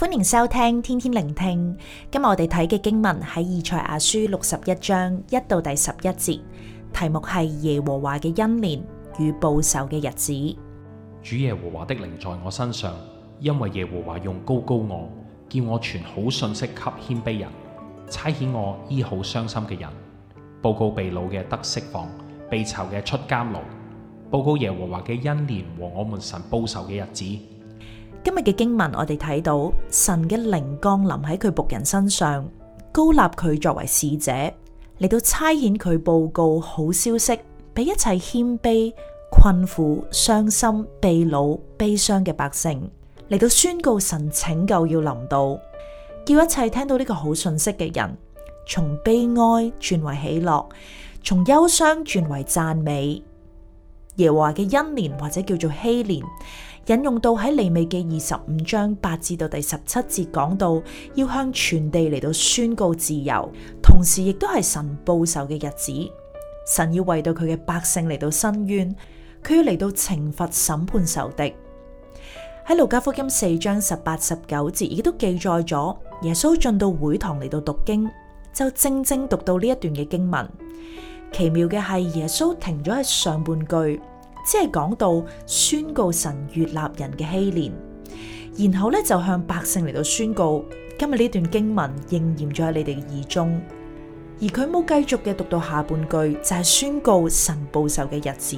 歡迎收聽天天聆聽，今日我哋睇嘅經文喺《以賽亞書六十一章一到第十一節，題目係耶和華嘅恩年與報仇嘅日子。主耶和華的靈在我身上，因為耶和華用膏膏我，叫我傳好信息給謙卑人，差遣我醫好傷心嘅人，報告被擄嘅得釋放，被囚嘅出監牢，報告耶和華嘅恩年和我們神報仇嘅日子。今日嘅經文，我哋睇到神嘅靈光臨喺佢僕人身上，膏立佢作為使者，嚟到差遣佢報告好消息，俾一切謙卑、困苦、傷心、被擄、悲傷嘅百姓，嚟到宣告神拯救要臨到，叫一切聽到呢個好信息嘅人，從悲哀轉為喜樂，從憂傷轉為讚美。耶和華嘅恩年或者叫做禧年，引用到喺利未記二十五章八至到第十七節講到，要向全地嚟到宣告自由，同時亦都係神報仇嘅日子，神要為到佢嘅百姓嚟到伸冤，佢要嚟到懲罰審判仇敵。喺路加福音四章十八十九節，亦都記載咗耶穌進到會堂嚟到讀經，就正正讀到呢一段嘅經文。奇妙嘅係耶穌停咗喺上半句。即係講到宣告神悅納人嘅禧年，然後咧就向百姓嚟到宣告，今日呢段經文應驗咗喺你哋嘅耳中，而佢冇繼續嘅讀到下半句，就係、是、宣告神報仇嘅日子，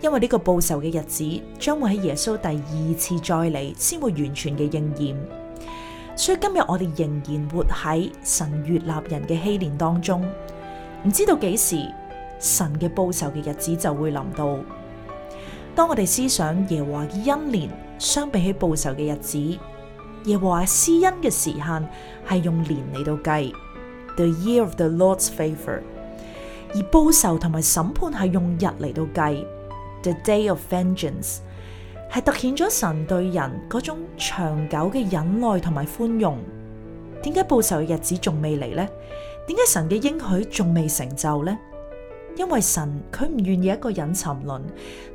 因為呢個報仇嘅日子將會喺耶穌第二次再嚟先會完全嘅應驗，所以今日我哋仍然活喺神悅納人嘅禧年當中，唔知道幾時。神嘅報仇嘅日子就會臨到。當我哋思想耶和華嘅恩年，相比起報仇嘅日子，耶和華施恩嘅時限係用年嚟到計，the year of the Lord's favor；而報仇同埋審判係用日嚟到計，the day of vengeance。係凸顯咗神對人嗰種長久嘅忍耐同埋寬容。點解報仇嘅日子仲未嚟呢？點解神嘅應許仲未成就呢？因為神佢唔願意一個人沉淪，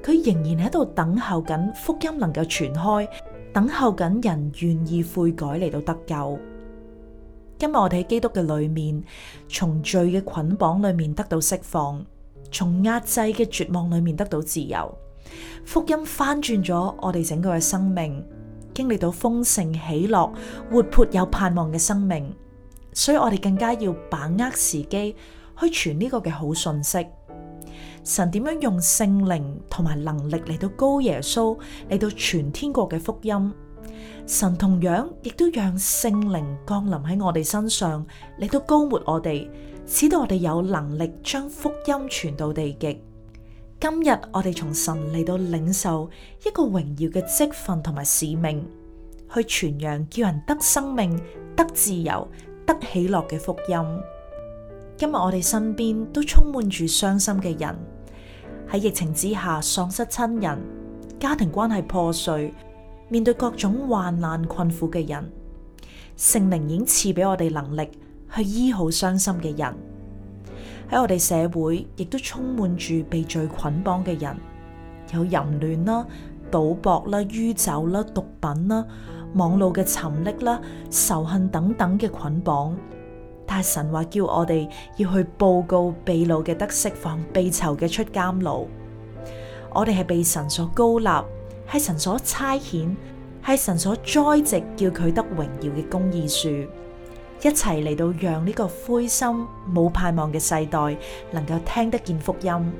佢仍然喺度等候緊福音能夠傳開，等候緊人願意悔改嚟到得救。今日我哋喺基督嘅裏面，從罪嘅捆綁裏面得到釋放，從壓制嘅絕望裏面得到自由。福音翻轉咗我哋整個嘅生命，經歷到豐盛喜樂、活潑有盼望嘅生命。所以我哋更加要把握時機。去傳呢個嘅好信息，神點樣用聖靈同埋能力嚟到膏耶穌嚟到傳天國嘅福音。神同樣亦都讓聖靈降臨喺我哋身上嚟到膏抹我哋，使到我哋有能力將福音傳到地極。今日我哋從神嚟到領受一個榮耀嘅職分同埋使命，去傳揚叫人得生命、得自由、得喜樂嘅福音。今日我哋身邊都充滿住傷心嘅人，喺疫情之下喪失親人、家庭關係破碎、面對各種患難困苦嘅人，聖靈已經賜俾我哋能力去醫好傷心嘅人。喺我哋社會亦都充滿住被罪捆綁嘅人，有淫亂啦、賭博啦、酗酒啦、毒品啦、網絡嘅沉溺啦、仇恨等等嘅捆綁。但係神話叫我哋要去報告被擄嘅得釋放，被囚嘅出監牢。我哋係被神所膏立，係神所差遣，係神所栽植，叫佢得榮耀嘅公義樹。一齊嚟到，讓呢個灰心冇盼望嘅世代能夠聽得見福音。